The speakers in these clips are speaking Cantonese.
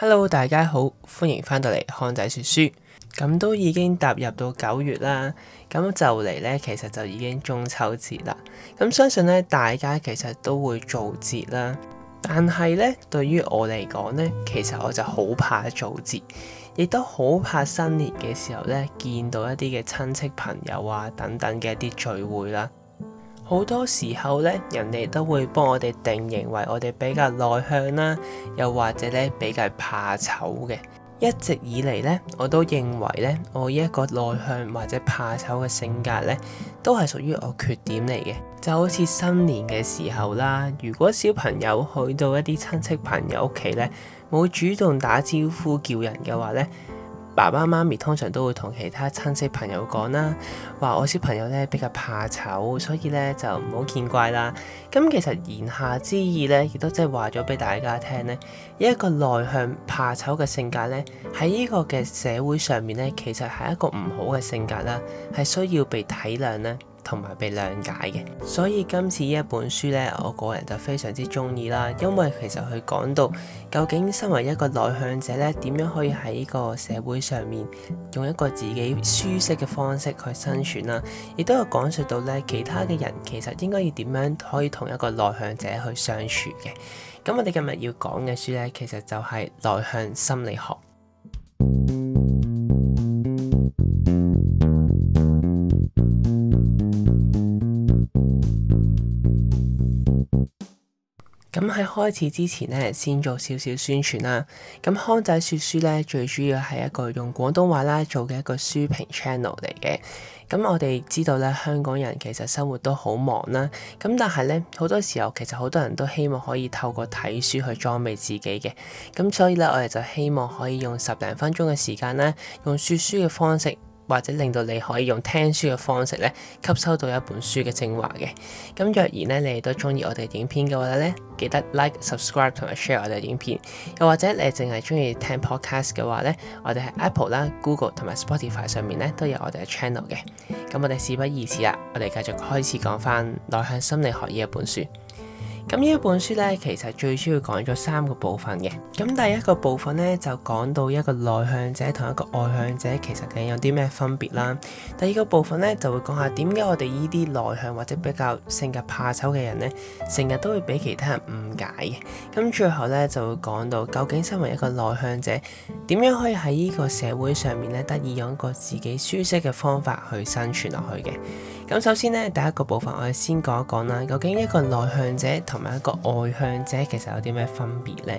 Hello，大家好，歡迎翻到嚟，康仔說書。咁都已經踏入到九月啦，咁就嚟咧，其實就已經中秋節啦。咁相信咧，大家其實都會做節啦。但係咧，對於我嚟講咧，其實我就好怕做節，亦都好怕新年嘅時候咧，見到一啲嘅親戚朋友啊，等等嘅一啲聚會啦。好多時候咧，人哋都會幫我哋定型為我哋比較內向啦，又或者咧比較怕醜嘅。一直以嚟咧，我都認為咧，我呢一個內向或者怕醜嘅性格咧，都係屬於我缺點嚟嘅。就好似新年嘅時候啦，如果小朋友去到一啲親戚朋友屋企咧，冇主動打招呼叫人嘅話咧。爸爸媽咪通常都會同其他親戚朋友講啦，話我小朋友咧比較怕醜，所以咧就唔好見怪啦。咁其實言下之意咧，亦都即係話咗俾大家聽咧，一個內向怕醜嘅性格咧，喺呢個嘅社會上面咧，其實係一個唔好嘅性格啦，係需要被體諒咧。同埋被諒解嘅，所以今次呢一本書呢，我個人就非常之中意啦，因為其實佢講到究竟身為一個內向者呢，點樣可以喺個社會上面用一個自己舒適嘅方式去生存啦，亦都有講述到呢，其他嘅人其實應該要點樣可以同一個內向者去相處嘅。咁我哋今日要講嘅書呢，其實就係內向心理學。咁喺開始之前咧，先做少少宣傳啦。咁康仔說書咧，最主要係一個用廣東話啦做嘅一個書評 channel 嚟嘅。咁我哋知道咧，香港人其實生活都好忙啦。咁但係咧，好多時候其實好多人都希望可以透過睇書去裝備自己嘅。咁所以咧，我哋就希望可以用十零分鐘嘅時間咧，用說書嘅方式。或者令到你可以用聽書嘅方式咧，吸收到一本書嘅精華嘅。咁若然咧，你哋都中意我哋影片嘅話咧，記得 like、subscribe 同埋 share 我哋嘅影片。又或者你淨係中意聽 podcast 嘅話咧，我哋喺 Apple 啦、Google 同埋 Spotify 上面咧都有我哋嘅 channel 嘅。咁我哋事不宜遲啦，我哋繼續開始講返內向心理學呢一本書。咁呢一本書咧，其實最主要講咗三個部分嘅。咁第一個部分咧，就講到一個內向者同一個外向者其實究竟有啲咩分別啦。第二個部分咧，就會講下點解我哋呢啲內向或者比較性格怕醜嘅人咧，成日都會俾其他人誤解嘅。咁最後咧，就會講到究竟身為一個內向者，點樣可以喺呢個社會上面咧，得以用一個自己舒適嘅方法去生存落去嘅。咁首先咧，第一個部分我哋先講一講啦，究竟一個內向者同同埋一個外向者其實有啲咩分別呢？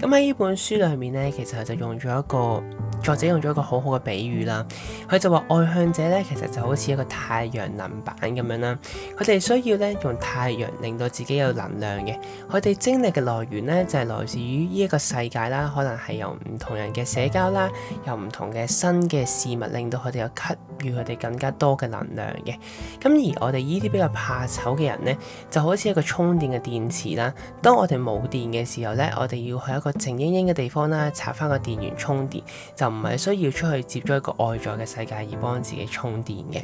咁喺呢本書裏面呢，其實就用咗一個作者用咗一個好好嘅比喻啦。佢就話外向者呢，其實就好似一個太陽能板咁樣啦。佢哋需要呢，用太陽令到自己有能量嘅。佢哋精力嘅來源呢，就係來自於呢一個世界啦，可能係由唔同人嘅社交啦，由唔同嘅新嘅事物令到佢哋有吸予佢哋更加多嘅能量嘅，咁而我哋呢啲比較怕醜嘅人呢，就好似一個充電嘅電池啦。當我哋冇電嘅時候呢，我哋要去一個靜英英嘅地方啦，插翻個電源充電，就唔係需要出去接觸一個外在嘅世界而幫自己充電嘅。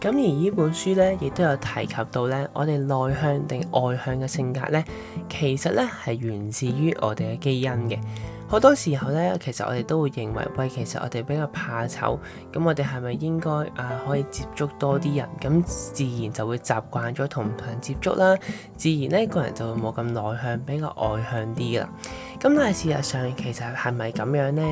咁而呢本書呢，亦都有提及到呢，我哋內向定外向嘅性格呢，其實呢，係源自於我哋嘅基因嘅。好多時候咧，其實我哋都會認為，喂，其實我哋比較怕醜，咁我哋係咪應該啊、呃、可以接觸多啲人，咁自然就會習慣咗同人接觸啦，自然呢個人就會冇咁內向，比較外向啲啦。咁但係事實上其實係咪咁樣呢？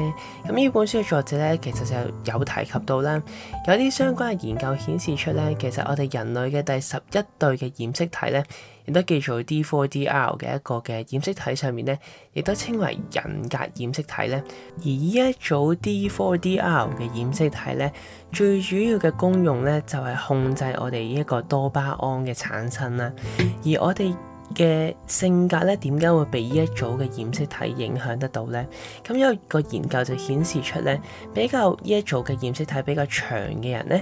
咁呢本書嘅作者咧，其實就有提及到啦。有啲相關嘅研究顯示出咧，其實我哋人類嘅第十一對嘅染色體咧，亦都叫做 D4DR 嘅一個嘅染色體上面咧，亦都稱為人格染色體咧。而呢一組 D4DR 嘅染色體咧，最主要嘅功用咧，就係控制我哋呢一個多巴胺嘅產生啦。而我哋嘅性格呢，點解會被呢一組嘅染色體影響得到呢？咁有個研究就顯示出呢，比較呢一組嘅染色體比較長嘅人呢，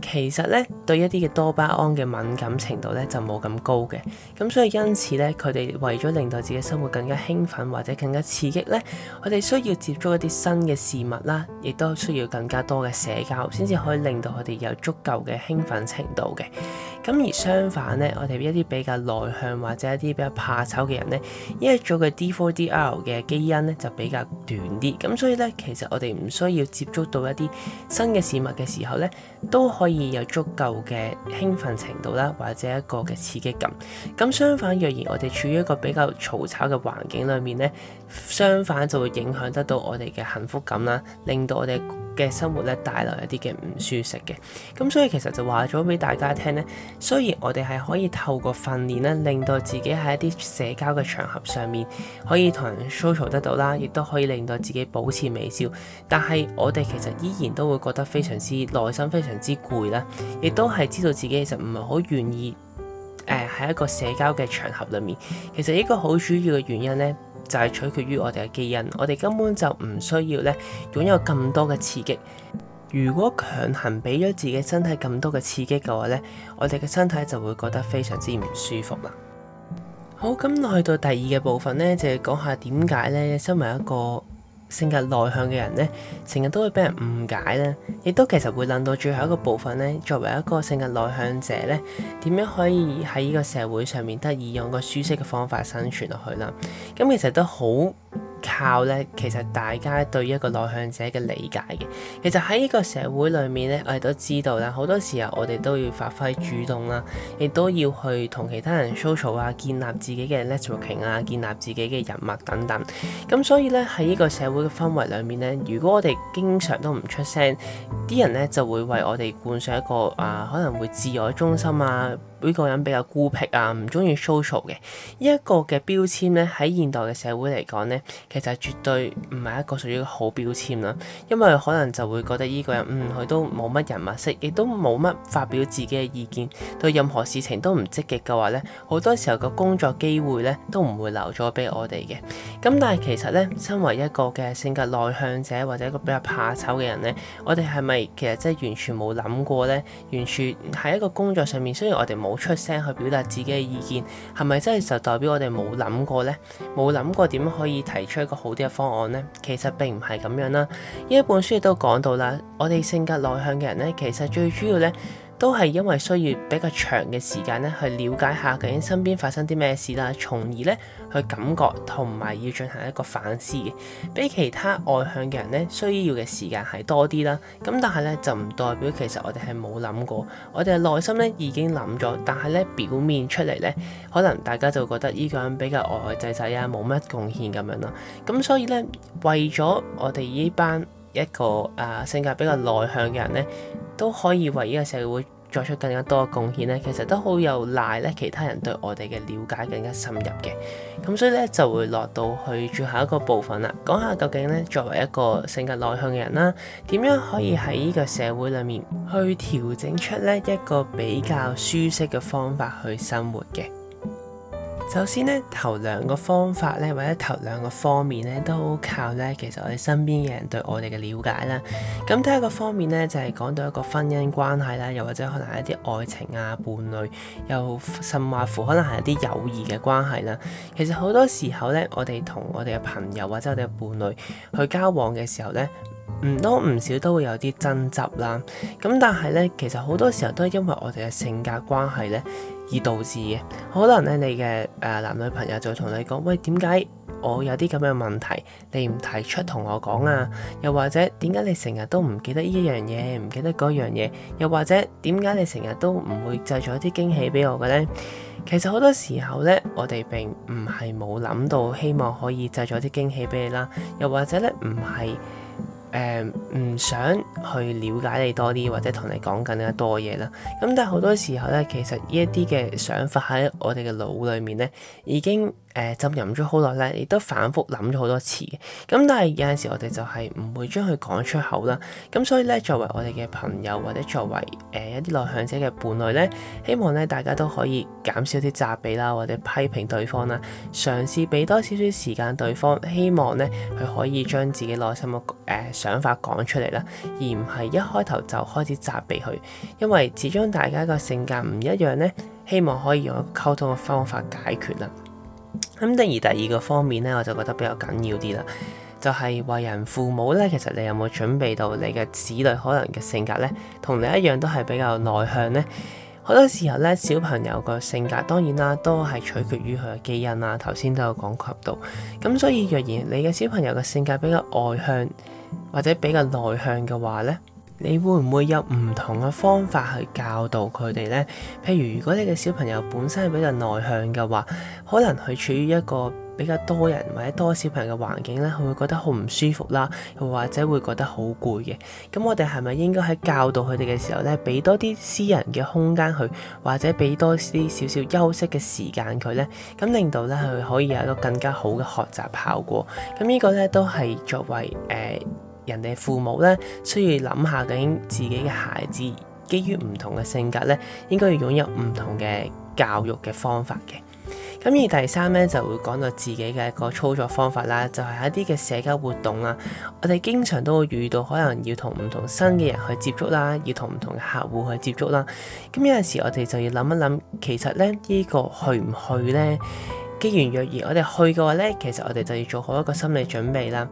其實咧，對一啲嘅多巴胺嘅敏感程度咧就冇咁高嘅，咁所以因此咧，佢哋為咗令到自己生活更加興奮或者更加刺激咧，我哋需要接觸一啲新嘅事物啦，亦都需要更加多嘅社交，先至可以令到佢哋有足夠嘅興奮程度嘅。咁而相反咧，我哋一啲比較內向或者一啲比較怕醜嘅人咧，因為佢嘅 D4DR 嘅基因咧就比較短啲，咁所以咧，其實我哋唔需要接觸到一啲新嘅事物嘅時候咧，都。可以有足夠嘅興奮程度啦，或者一個嘅刺激感。咁相反，若然我哋處於一個比較嘈吵嘅環境裏面呢，相反就會影響得到我哋嘅幸福感啦，令到我哋嘅生活咧帶來一啲嘅唔舒適嘅，咁所以其實就話咗俾大家聽咧，雖然我哋係可以透過訓練咧，令到自己喺一啲社交嘅場合上面可以同人 social 得到啦，亦都可以令到自己保持微笑，但係我哋其實依然都會覺得非常之內心非常之攰啦，亦都係知道自己其實唔係好願意誒喺、呃、一個社交嘅場合裏面，其實一個好主要嘅原因咧。就係取決於我哋嘅基因，我哋根本就唔需要咧擁有咁多嘅刺激。如果強行俾咗自己身體咁多嘅刺激嘅話咧，我哋嘅身體就會覺得非常之唔舒服啦。好，咁去到第二嘅部分咧，就係講下點解咧，身為一個。性格內向嘅人呢，成日都會俾人誤解啦，亦都其實會諗到最後一個部分呢，作為一個性格內向者呢，點樣可以喺呢個社會上面得以用一個舒適嘅方法生存落去啦。咁其實都好靠咧，其實大家對一個內向者嘅理解嘅，其實喺呢個社會裏面咧，我哋都知道啦。好多時候我哋都要發揮主動啦，亦都要去同其他人 social 啊，建立自己嘅 networking 啊，建立自己嘅人脈等等。咁所以咧，喺呢個社會嘅氛圍裏面咧，如果我哋經常都唔出聲，啲人咧就會為我哋灌上一個啊、呃，可能會自我中心啊。呢個人比較孤僻啊，唔中意 social 嘅呢一個嘅標籤呢，喺現代嘅社會嚟講呢，其實絕對唔係一個屬於好標籤啦。因為可能就會覺得呢個人，嗯，佢都冇乜人物色，亦都冇乜發表自己嘅意見，對任何事情都唔積極嘅話呢，好多時候個工作機會呢都唔會留咗俾我哋嘅。咁但係其實呢，身為一個嘅性格內向者或者一個比較怕醜嘅人呢，我哋係咪其實真係完全冇諗過呢？完全喺一個工作上面，雖然我哋冇。冇出聲去表達自己嘅意見，係咪真係就代表我哋冇諗過呢？冇諗過點可以提出一個好啲嘅方案呢？其實並唔係咁樣啦。呢一本書亦都講到啦，我哋性格內向嘅人呢，其實最主要呢。都係因為需要比較長嘅時間咧，去了解下究竟身邊發生啲咩事啦，從而咧去感覺同埋要進行一個反思嘅，比其他外向嘅人咧需要嘅時間係多啲啦。咁但係咧就唔代表其實我哋係冇諗過，我哋嘅內心咧已經諗咗，但係咧表面出嚟咧可能大家就會覺得呢個人比較呆呆滯滯啊，冇乜貢獻咁樣咯。咁所以咧為咗我哋呢班一個誒、呃、性格比較內向嘅人咧，都可以為呢個社會作出更加多嘅貢獻咧，其實都好有賴咧其他人對我哋嘅了解更加深入嘅，咁所以咧就會落到去最後一個部分啦，講下究竟咧作為一個性格內向嘅人啦，點樣可以喺呢個社會裡面去調整出咧一個比較舒適嘅方法去生活嘅。首先咧，頭兩個方法咧，或者頭兩個方面咧，都好靠咧，其實我哋身邊嘅人對我哋嘅了解啦。咁第一個方面咧，就係講到一個婚姻關係啦，又或者可能一啲愛情啊、伴侶，又甚或乎可能係一啲友誼嘅關係啦。其實好多時候咧，我哋同我哋嘅朋友或者我哋嘅伴侶去交往嘅時候咧，唔多唔少都會有啲爭執啦。咁但係咧，其實好多時候都係因為我哋嘅性格關係咧，而導致嘅，可能咧你嘅誒男女朋友就同你講，喂，點解我有啲咁樣問題，你唔提出同我講啊？又或者點解你成日都唔記得呢樣嘢，唔記得嗰樣嘢？又或者點解你成日都唔會製造一啲驚喜俾我嘅呢？其實好多時候呢，我哋並唔係冇諗到希望可以製造一啲驚喜俾你啦，又或者咧唔係。誒唔、嗯、想去了解你多啲，或者同你講緊更多嘢啦。咁但係好多時候咧，其實呢一啲嘅想法喺我哋嘅腦裡面咧，已經。呃、浸淫咗好耐咧，亦都反覆諗咗好多次嘅。咁但係有陣時，我哋就係唔會將佢講出口啦。咁所以咧，作為我哋嘅朋友或者作為誒、呃、一啲內向者嘅伴侶咧，希望咧大家都可以減少啲責備啦，或者批評對方啦，嘗試俾多少少時間對方，希望咧佢可以將自己內心嘅誒、呃、想法講出嚟啦，而唔係一開頭就開始責備佢。因為始終大家個性格唔一樣咧，希望可以用一個溝通嘅方法解決啦。咁第二第二個方面咧，我就覺得比較緊要啲啦，就係為人父母咧，其實你有冇準備到你嘅子女可能嘅性格咧，同你一樣都係比較內向咧？好多時候咧，小朋友個性格當然啦，都係取決於佢嘅基因啦。頭先都有講及到，咁所以若然你嘅小朋友嘅性格比較外向，或者比較內向嘅話咧。你會唔會有唔同嘅方法去教導佢哋呢？譬如，如果你嘅小朋友本身係比較內向嘅話，可能佢處於一個比較多人或者多小朋友嘅環境咧，佢會覺得好唔舒服啦，又或者會覺得好攰嘅。咁我哋係咪應該喺教導佢哋嘅時候咧，俾多啲私人嘅空間佢，或者俾多啲少少休息嘅時間佢呢？咁令到咧佢可以有一個更加好嘅學習效果。咁呢個咧都係作為誒，呃人哋父母咧，需要諗下究竟自己嘅孩子基於唔同嘅性格咧，應該要擁有唔同嘅教育嘅方法嘅。咁而第三咧就會講到自己嘅一個操作方法啦，就係一啲嘅社交活動啦。我哋經常都會遇到可能要同唔同新嘅人去接觸啦，要同唔同嘅客戶去接觸啦。咁有陣時我哋就要諗一諗，其實咧呢個去唔去咧？既然若然我哋去嘅話咧，其實我哋就要做好一個心理準備啦。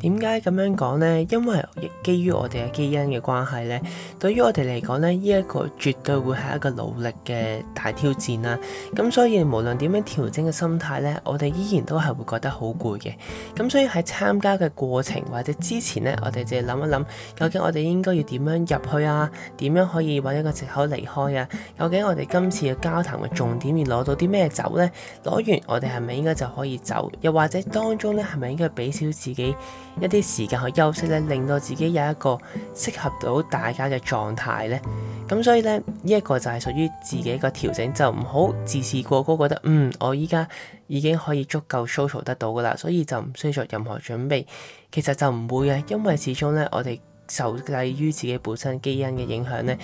點解咁樣講呢？因為基於我哋嘅基因嘅關係呢對於我哋嚟講呢，呢一個絕對會係一個努力嘅大挑戰啦。咁所以無論點樣調整嘅心態呢，我哋依然都係會覺得好攰嘅。咁所以喺參加嘅過程或者之前呢，我哋就諗一諗，究竟我哋應該要點樣入去啊？點樣可以揾一個藉口離開啊？究竟我哋今次嘅交談嘅重點要攞到啲咩走呢？攞完我哋係咪應該就可以走？又或者當中呢，係咪應該俾少自己？一啲時間去休息咧，令到自己有一個適合到大家嘅狀態咧。咁所以咧，呢一個就係屬於自己個調整就唔好自視過高，覺得嗯，我依家已經可以足夠 social 得到噶啦，所以就唔需要做任何準備。其實就唔會嘅，因為始終咧我哋受制於自己本身基因嘅影響咧，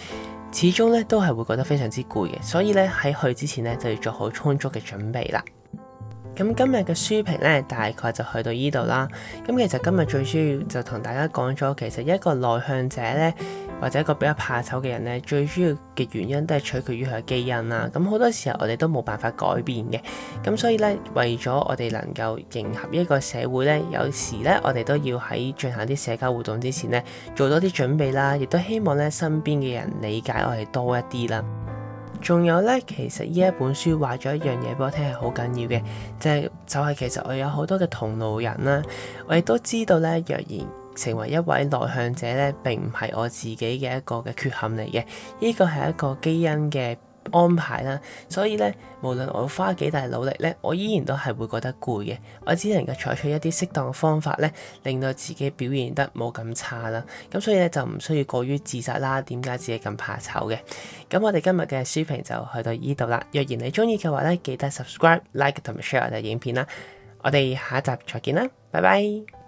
始終咧都係會覺得非常之攰嘅。所以咧喺去之前咧就要做好充足嘅準備啦。咁今日嘅書評呢，大概就去到呢度啦。咁其實今日最主要就同大家講咗，其實一個內向者呢，或者一個比較怕醜嘅人呢，最主要嘅原因都係取決於佢嘅基因啦。咁好多時候我哋都冇辦法改變嘅。咁所以呢，為咗我哋能夠迎合一個社會呢，有時呢，我哋都要喺進行啲社交活動之前呢，做多啲準備啦，亦都希望呢身邊嘅人理解我哋多一啲啦。仲有咧，其實呢一本書話咗一樣嘢俾我聽，係好緊要嘅，就係就係其實我有好多嘅同路人啦，我亦都知道咧，若然成為一位內向者咧，並唔係我自己嘅一個嘅缺陷嚟嘅，呢個係一個基因嘅安排啦，所以咧，無論我花幾大努力咧，我依然都係會覺得攰嘅。我只能夠採取一啲適當嘅方法咧，令到自己表現得冇咁差啦。咁所以咧就唔需要過於自責啦。點解自己咁怕醜嘅？咁我哋今日嘅書評就去到依度啦。若然你中意嘅話咧，記得 subscribe、like 同埋 share 我哋影片啦。我哋下一集再見啦，拜拜。